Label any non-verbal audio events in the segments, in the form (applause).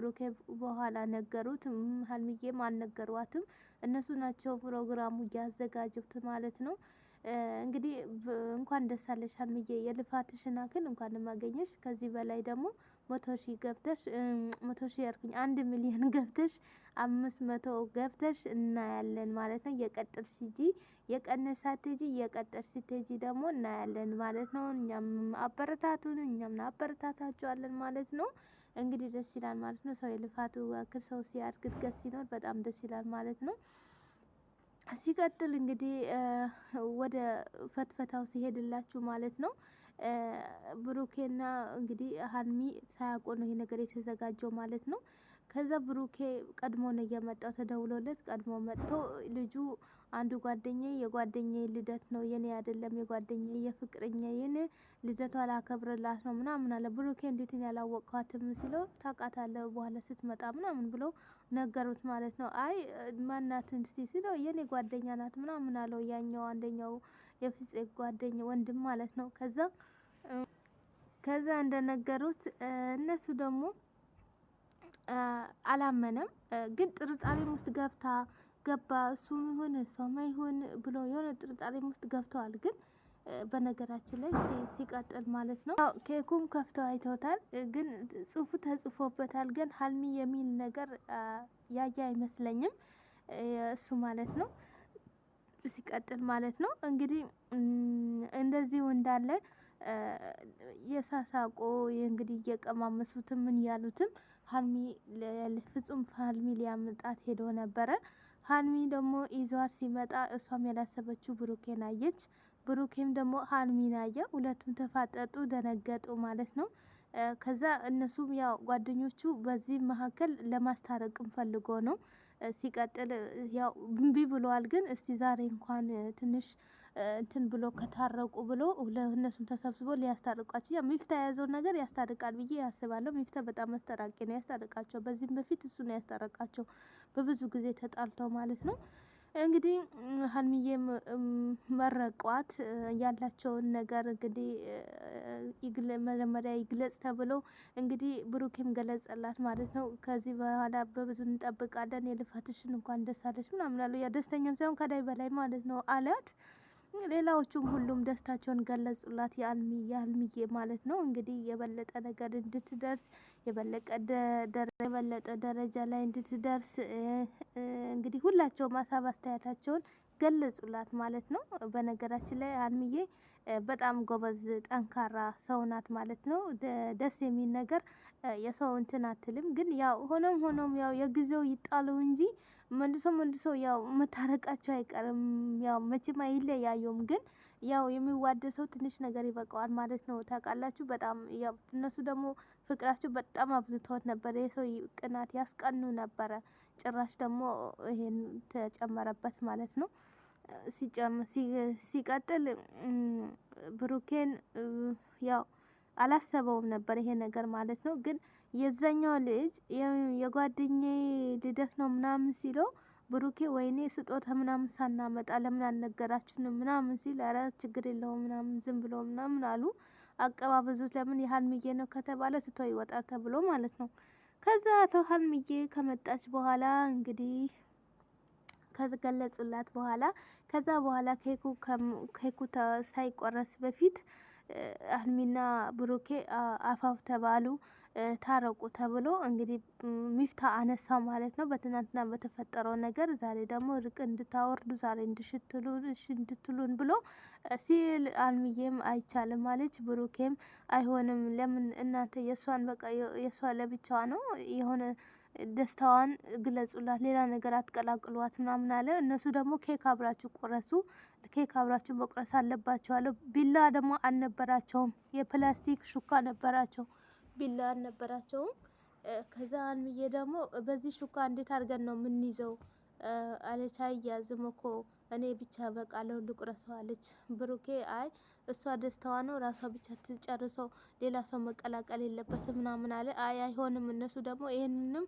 ብሩኬ በኋላ ነገሩት። ሀልሚዬም አልነገሯትም። እነሱ ናቸው ፕሮግራሙ እያዘጋጁት ማለት ነው። እንግዲህ እንኳን ደስ አለሽ ሀልሚዬ፣ የልፋትሽን ያክል እንኳን ማገኘሽ። ከዚህ በላይ ደግሞ መቶ ሺህ ገብተሽ መቶ ሺህ ያልኩኝ አንድ ሚሊዮን (laughs) ገብተሽ አምስት መቶ ገብተሽ እናያለን ማለት ነው። የቀጠልሽ ሲጂ የቀነሳት ሂጂ፣ የቀጠልሽ ሂጂ ደግሞ እናያለን ማለት ነው። እኛም አበረታቱን፣ እኛም አበረታታችኋለን ማለት ነው። እንግዲህ ደስ ይላል ማለት ነው። ሰው የልፋቱ ያክል ሰው ሲያድግ እድገት ሲኖር በጣም ደስ ይላል ማለት ነው። ሲቀጥል እንግዲህ ወደ ፈትፈታው ሲሄድላችሁ ማለት ነው ብሩኬና እንግዲህ ሀልሚ ሳያውቁ ነው ይሄ ነገር የተዘጋጀው ማለት ነው። ከዛ ብሩኬ ቀድሞ ነው እየመጣው ተደውሎለት ቀድሞ መጥቶ ልጁ አንዱ ጓደኛዬ የጓደኛ ልደት ነው የኔ አይደለም የጓደኛ የፍቅረኛ የኔ ልደቷ ላከብርላት ነው ምናምን አለ። ብሩኬ እንዴት ያላወቅኳትም ሲለው ታውቃታለ በኋላ ስትመጣ ምናምን ብለው ነገሩት ማለት ነው። አይ ማናት እንድት ሲለው የኔ ጓደኛ ናት ምናምን አለው። ያኛው አንደኛው የፍጼ ጓደኛ ወንድም ማለት ነው። ከዛ ከዛ እንደነገሩት እነሱ ደግሞ አላመነም። ግን ጥርጣሬም ውስጥ ገብታ ገባ እሱም ይሁን እሷም ይሁን ብሎ የሆነ ጥርጣሬም ውስጥ ገብተዋል። ግን በነገራችን ላይ ሲቀጥል ማለት ነው ኬኩም ከፍተው አይተውታል። ግን ጽሁፉ ተጽፎበታል። ግን ሀልሚ የሚል ነገር ያየ አይመስለኝም እሱ ማለት ነው። ሲቀጥል ማለት ነው እንግዲህ እንደዚሁ እንዳለ የሳሳቆ እንግዲህ እየቀማመሱትም ምን ያሉትም ሀልሚ ፍጹም ሀልሚ ሊያምጣት ሄዶ ነበረ። ሀልሚ ደግሞ ይዟት ሲመጣ እሷም ያላሰበችው ብሩኬን አየች። ብሩኬም ደግሞ ሀልሚን አየ። ሁለቱም ተፋጠጡ፣ ደነገጡ ማለት ነው። ከዛ እነሱም ያው ጓደኞቹ በዚህ መካከል ለማስታረቅም ፈልጎ ነው። ሲቀጥል ያው እምቢ ብለዋል። ግን እስቲ ዛሬ እንኳን ትንሽ እንትን ብሎ ከታረቁ ብሎ ለእነሱም ተሰብስቦ ሊያስታርቋቸው ያ ሚፍታ የያዘውን ነገር ያስታርቃል ብዬ ያስባለሁ። ሚፍታ በጣም አስታራቂ ነው፣ ያስታርቃቸው። በዚህም በፊት እሱ ነው ያስታረቃቸው በብዙ ጊዜ ተጣልተው ማለት ነው። እንግዲህ ሀልሚዬ መረቋት ያላቸውን ነገር እንግዲህ መጀመሪያ ይግለጽ ተብሎ እንግዲህ ብሩኬም ገለጸላት ማለት ነው። ከዚህ በኋላ በብዙ እንጠብቃለን የልፋትሽን እንኳን ደስ አለሽ ምናምን አሉ። ያ ደስተኛም ሳይሆን ከላይ በላይ ማለት ነው አላት። ሌላዎቹም ሁሉም ደስታቸውን ገለጹላት። የአልሚ የአልሚዬ ማለት ነው እንግዲህ የበለጠ ነገር እንድትደርስ የበለጠ ደረጃ ላይ እንድትደርስ እንግዲህ ሁላቸውም ሀሳብ አስተያየታቸውን ገለጹላት ማለት ነው። በነገራችን ላይ ሀይሚዬ በጣም ጎበዝ ጠንካራ ሰው ናት ማለት ነው። ደስ የሚል ነገር የሰው እንትን አትልም። ግን ያው ሆኖም ሆኖም ያው የጊዜው ይጣለው እንጂ መልሶ መልሶ ያው መታረቃቸው አይቀርም። ያው መቼም አይለያዩም ግን ያው የሚዋደሰው ትንሽ ነገር ይበቃዋል ማለት ነው። ታውቃላችሁ በጣም ያው እነሱ ደግሞ ፍቅራቸው በጣም አብዝተወት ነበረ። የሰው ቅናት ያስቀኑ ነበረ። ጭራሽ ደግሞ ይሄን ተጨመረበት ማለት ነው። ሲቀጥል ብሩኬን ያው አላሰበውም ነበር ይሄ ነገር ማለት ነው። ግን የዛኛው ልጅ የጓደኛዬ ልደት ነው ምናምን ሲለው ብሩኬ ወይኔ ስጦታ ምናምን ሳናመጣ ለምን አልነገራችሁንም ምናምን ሲል ኧረ ችግር የለውም ምናምን ዝም ብሎ ምናምን አሉ። አቀባበዙት ለምን የሀልምዬ ነው ከተባለ ስቶ ይወጣል ተብሎ ማለት ነው። ከዛ አቶ ሀልምዬ ከመጣች በኋላ እንግዲህ ከገለጹላት በኋላ ከዛ በኋላ ኬኩ ሳይቆረስ በፊት አልሚና ብሩኬ አፋፍ ተባሉ። ታረቁ ተብሎ እንግዲህ ሚፍታ አነሳ ማለት ነው። በትናንትና በተፈጠረው ነገር ዛሬ ደግሞ እርቅ እንድታወርዱ ዛሬ እንድትሉን ብሎ ሲል አልሚዬም አይቻልም አለች። ብሩኬም አይሆንም፣ ለምን እናንተ የእሷን በቃ የእሷ ለብቻዋ ነው የሆነ ደስታዋን ግለጹላት፣ ሌላ ነገር አትቀላቅሏት ምናምን አለ። እነሱ ደግሞ ኬክ አብራችሁ ቁረሱ፣ ኬክ አብራችሁ መቁረስ አለባቸው አለ። ቢላ ደግሞ አልነበራቸውም፣ የፕላስቲክ ሹካ ነበራቸው። ቢላ አልነበራቸውም። ከዛ አልምዬ ደግሞ በዚህ ሹካ እንዴት አድርገን ነው የምንይዘው አለች። አያዝም እኮ እኔ ብቻ በቃለሁ ልቁረሰው አለች። ብሩኬ አይ እሷ ደስታዋ ነው ራሷ ብቻ ትጨርሰው፣ ሌላ ሰው መቀላቀል የለበትም ምናምን አለ። አይ አይሆንም፣ እነሱ ደግሞ ይህንንም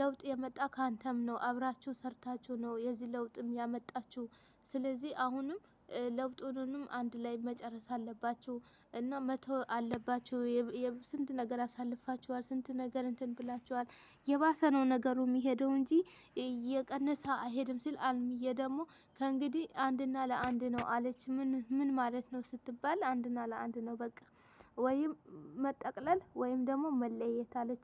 ለውጥ የመጣ ካንተም ነው፣ አብራችሁ ሰርታችሁ ነው የዚህ ለውጥም ያመጣችሁ። ስለዚህ አሁንም ለውጡንም አንድ ላይ መጨረስ አለባችሁ እና መተው አለባችሁ። ስንት ነገር አሳልፋችኋል፣ ስንት ነገር እንትን ብላችኋል። የባሰ ነው ነገሩ የሚሄደው እንጂ የቀነሰ አይሄድም ሲል አልምዬ ደግሞ ከእንግዲህ አንድና ለአንድ ነው አለች። ምን ማለት ነው ስትባል አንድና ለአንድ ነው በቃ ወይም መጠቅለል ወይም ደግሞ መለየት አለች።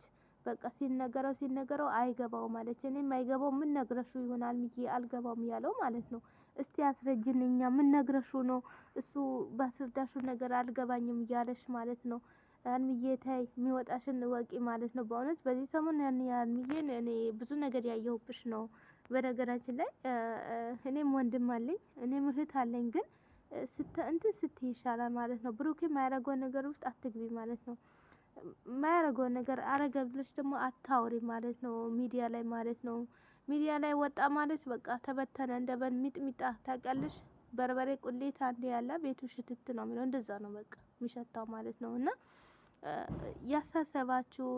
በቃ ሲነገረው ሲነገረው አይገባው አለች። እኔም አይገባው ምን ነግረሹ ይሆናል አልገባውም ያለው ማለት ነው። እስቲ አስረጅን፣ ምን ነግረሹ ነው? እሱ ባስረዳሹ ነገር አልገባኝም እያለሽ ማለት ነው። አንምዬ ታይ የሚወጣሽን እወቂ ማለት ነው። በእውነት በዚህ ሰሞን ያን አንምዬን እኔ ብዙ ነገር ያየሁብሽ ነው። በነገራችን ላይ እኔም ወንድም አለኝ፣ እኔም እህት አለኝ። ግን እንትን ስትይ ይሻላል ማለት ነው። ብሩኬ የማያደርገው ነገር ውስጥ አትግቢ ማለት ነው። የማያደርገውን ነገር አረገ ብለሽ ደግሞ አታውሪ ማለት ነው፣ ሚዲያ ላይ ማለት ነው። ሚዲያ ላይ ወጣ ማለት በቃ ተበተነ እንደ በን ሚጥሚጣ ታውቂያለሽ። በርበሬ ቁሌት አንድ ያለ ቤቱ ሽትት ነው የሚለው እንደዛ ነው በቃ የሚሸታው ማለት ነው። እና ያሳሰባችሁ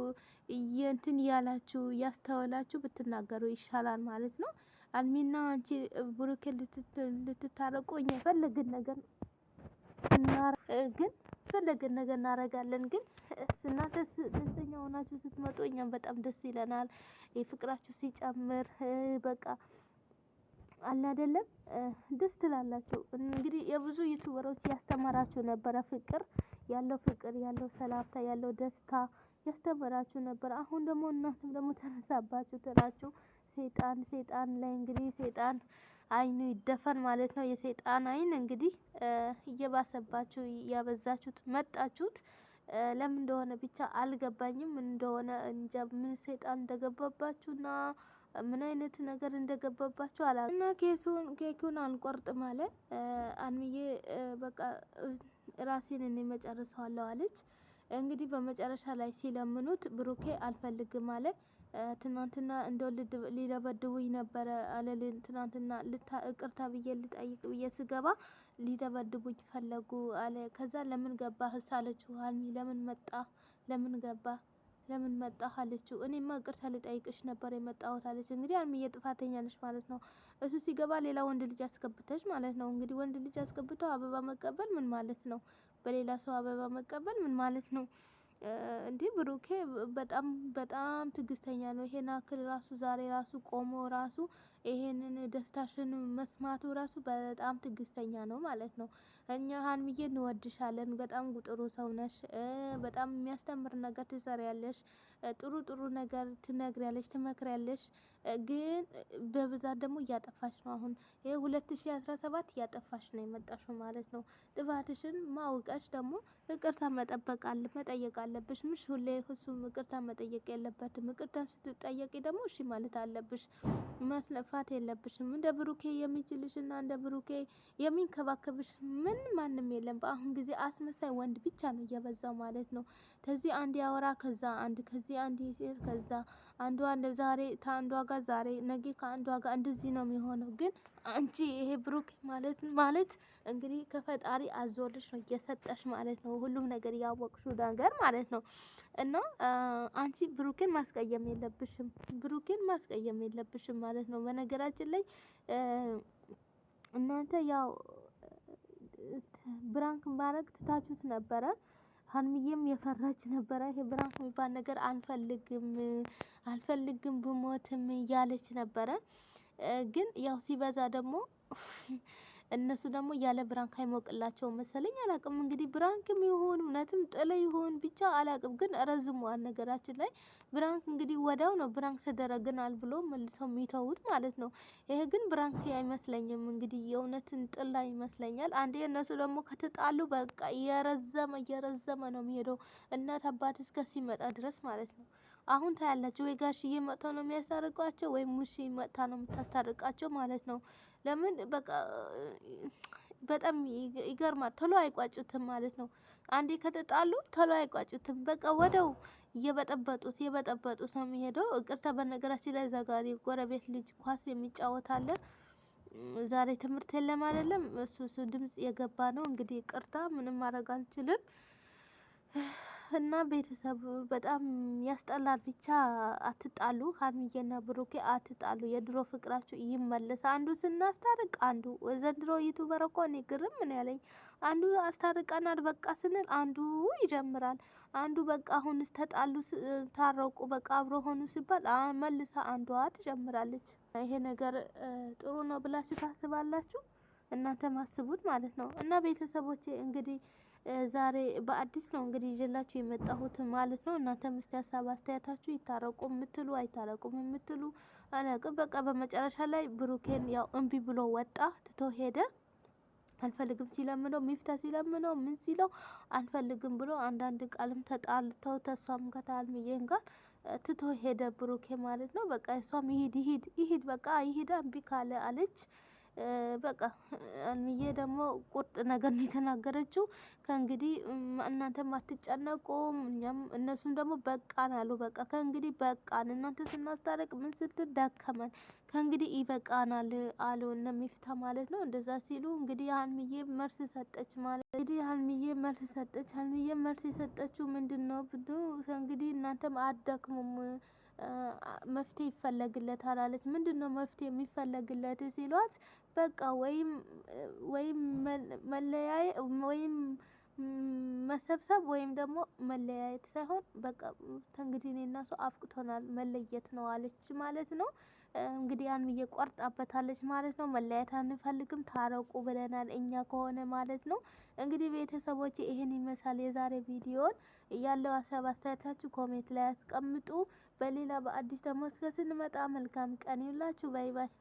እንትን እያላችሁ ያስተወላችሁ ብትናገሩ ይሻላል ማለት ነው። አልሚና አንቺ ብሩኬ ልትታረቁ እኛ የፈለግን ነገር ግን የፈለገን ነገር እናደርጋለን። ግን እናንተ ደስተኛ ሆናችሁ ስትመጡ እኛም በጣም ደስ ይለናል። ፍቅራችሁ ሲጨምር በቃ አለ አይደለም ደስ ትላላችሁ። እንግዲህ የብዙ ዩቱበሮች ያስተማራችሁ ነበረ ፍቅር ያለው ፍቅር ያለው ሰላምታ ያለው ደስታ ያስተምራችሁ ነበር። አሁን ደግሞ እናንተም ደግሞ ተነሳባችሁ ትላችሁ ሴጣን ሴጣን ላይ እንግዲህ ሴጣን አይኑ ይደፈን ማለት ነው። የሰይጣን አይን እንግዲህ እየባሰባችሁ እያበዛችሁት መጣችሁት። ለምን እንደሆነ ብቻ አልገባኝም። ምን እንደሆነ እንጃ፣ ምን ሰይጣን እንደገባባችሁና ምን አይነት ነገር እንደገባባችሁ አላ እና ኬሱን ኬኩን አልቆርጥም አለ አንምዬ። በቃ ራሴን እኔ መጨረሰዋለሁ አለች። እንግዲህ በመጨረሻ ላይ ሲለምኑት ብሩኬ አልፈልግም አለ። ትናንትና እንደው ሊደበድቡኝ ነበረ አለልን። ትናንትና እቅርታ ብዬ ልጠይቅ ብዬ ስገባ ሊደበድቡኝ ፈለጉ አለ። ከዛ ለምን ገባ ህሳለችው ሀይሚ። ለምን መጣ ለምን ገባ ለምን መጣ አለችው። እኔማ እቅርታ ልጠይቅሽ ነበር የመጣሁት አለች። እንግዲህ ሀይሚዬ ጥፋተኛ ነች ማለት ነው። እሱ ሲገባ ሌላ ወንድ ልጅ አስገብተች ማለት ነው። እንግዲህ ወንድ ልጅ አስገብተው አበባ መቀበል ምን ማለት ነው? በሌላ ሰው አበባ መቀበል ምን ማለት ነው? እንዲህ ብሩኬ በጣም በጣም ትግስተኛ ነው። ይሄን አክል ራሱ ዛሬ ራሱ ቆሞ ራሱ ይሄንን ደስታሽን መስማቱ ራሱ በጣም ትግስተኛ ነው ማለት ነው። እኛ ሀይሚዬ እንወድሻለን። በጣም ጥሩ ሰው ነሽ። በጣም የሚያስተምር ነገር ትሰሪያለሽ። ጥሩ ጥሩ ነገር ትነግሪያለሽ፣ ትመክሪያለሽ። ግን በብዛት ደግሞ እያጠፋሽ ነው። አሁን ይህ ሁለት ሺ አስራ ሰባት እያጠፋሽ ነው የመጣሽው ማለት ነው። ጥፋትሽን ማውቀሽ ደግሞ ይቅርታ መጠበቅ መጠየቅ አለብሽ። ምሽ ሁሌ እሱም ይቅርታ መጠየቅ የለበትም። ይቅርታም ስትጠየቂ ደግሞ እሺ ማለት አለብሽ መስለፍ መጥፋት የለብሽም። እንደ ብሩኬ የሚችልሽና እንደ ብሩኬ የሚንከባከብሽ ምን ማንም የለም። በአሁን ጊዜ አስመሳይ ወንድ ብቻ ነው እየበዛው ማለት ነው። ከዚህ አንድ ያወራ፣ ከዛ አንድ፣ ከዚህ አንድ ይሄድ፣ ከዛ አንዷ ዛሬ ከአንዷ ጋር ዛሬ፣ ነገ ከአንዷ ጋር እንደዚህ ነው የሚሆነው። ግን አንቺ ይሄ ብሩክ ማለት ማለት እንግዲህ ከፈጣሪ አዞልሽ ነው እየሰጠሽ ማለት ነው። ሁሉም ነገር ያወቅሽው ነገር ማለት ነው። እና አንቺ ብሩክን ማስቀየም የለብሽም፣ ብሩክን ማስቀየም የለብሽም ማለት ነው። በነገራችን ላይ እናንተ ያው ብራንክ ባረግ ትታችሁት ነበረ። ሀይሚዬም የፈራች ነበረ። ይሄ ብራንክ የሚባል ነገር አልፈልግም አልፈልግም ብሞትም እያለች ነበረ። ግን ያው ሲበዛ ደግሞ እነሱ ደግሞ ያለ ብራንክ አይሞቅላቸው መሰለኝ አላቅም። እንግዲህ ብራንክም ይሁን እውነትም ጥል ይሁን ብቻ አላቅም፣ ግን ረዝመዋል። ነገራችን ላይ ብራንክ እንግዲህ ወዳው ነው ብራንክ ተደረግናል ብሎ መልሰው የሚተዉት ማለት ነው። ይሄ ግን ብራንክ አይመስለኝም። እንግዲህ የእውነትን ጥላ ይመስለኛል። አንዴ እነሱ ደግሞ ከተጣሉ በቃ እየረዘመ እየረዘመ ነው የሚሄደው እናት አባት እስከ ሲመጣ ድረስ ማለት ነው። አሁን ታያላችሁ ወይ ጋሽዬ መጥተው ነው የሚያስታርቋቸው ወይም ሙሺ መጥታ ነው የምታስታርቃቸው ማለት ነው። ለምን በቃ በጣም ይገርማል። ቶሎ አይቋጩትም ማለት ነው። አንዴ ከተጣሉ ቶሎ አይቋጩትም። በቃ ወደው እየበጠበጡት እየበጠበጡት ነው የሚሄደው። እቅርታ በነገራችን ላይ ዛጋሪ ጎረቤት ልጅ ኳስ የሚጫወት አለ። ዛሬ ትምህርት የለም አይደለም። እሱ እሱ ድምጽ የገባ ነው እንግዲህ ቅርታ ምንም ማድረግ አልችልም። እና ቤተሰብ በጣም ያስጠላል። ብቻ አትጣሉ፣ ሀይሚዬና ብሩኬ አትጣሉ። የድሮ ፍቅራችሁ ይመለስ። አንዱ ስናስታርቅ አንዱ ዘንድሮ ዩቱበር እኮ እኔ ግርም ምን ያለኝ አንዱ አስታርቀናል በቃ ስንል አንዱ ይጀምራል። አንዱ በቃ አሁን ስተጣሉ ታረቁ፣ በቃ አብሮ ሆኑ ሲባል መልሳ አንዷ ትጀምራለች። ይሄ ነገር ጥሩ ነው ብላችሁ ታስባላችሁ? እናንተ ማስቡት ማለት ነው። እና ቤተሰቦቼ እንግዲህ ዛሬ በአዲስ ነው እንግዲህ ይዤላችሁ የመጣሁት ማለት ነው። እናንተ ምስት ሀሳብ አስተያየታችሁ ይታረቁ የምትሉ አይታረቁም የምትሉ አላውቅም። በቃ በመጨረሻ ላይ ብሩኬን ያው እምቢ ብሎ ወጣ፣ ትቶ ሄደ። አልፈልግም ሲለምነው ሚፍታ ሲለምነው ምን ሲለው አልፈልግም ብሎ አንዳንድ ቃልም ተጣልተው ተሷም ከታልሚዬም ጋር ትቶ ሄደ ብሩኬ ማለት ነው። በቃ እሷም ይሂድ ይሂድ ይሂድ በቃ ይሂድ እምቢ ካለ አለች። በቃ አልምዬ ደግሞ ቁርጥ ነገር ነው የተናገረችው። ከእንግዲህ እናንተም አትጨነቁም፣ እኛም እነሱም ደግሞ በቃን አሉ። በቃ ከእንግዲህ በቃን፣ እናንተ ስናስታረቅ ምን ስትል ደከመን፣ ከእንግዲህ ይበቃናል አሉ እነ ሚፍታ ማለት ነው። እንደዛ ሲሉ እንግዲህ አልሚዬ መልስ ሰጠች ማለት እንግዲህ አልሚዬ መልስ ሰጠች። አልሚዬ መልስ የሰጠችው ምንድን ነው? ከእንግዲህ እናንተም አደክሙም መፍትሄ ይፈለግለታል አለች። ምንድን ነው መፍትሄ የሚፈለግለት ሲሏት በቃ ወይም ወይም መለያየ ወይም መሰብሰብ ወይም ደግሞ መለያየት ሳይሆን በቃ እንግዲህ እኔ እና እሱ አብቅቶናል መለየት ነው አለች ማለት ነው። እንግዲህ ያን ብዬ ቆርጣበታለች ማለት ነው። መለያየት አንፈልግም ታረቁ ብለናል እኛ ከሆነ ማለት ነው። እንግዲህ ቤተሰቦች ይህን ይመስላል የዛሬ ቪዲዮን ያለው ሀሳብ አስተያየታችሁ ኮሜንት ላይ አስቀምጡ። በሌላ በአዲስ ደግሞ እስከ ስንመጣ መልካም ቀን ይውላችሁ። ባይ ባይ።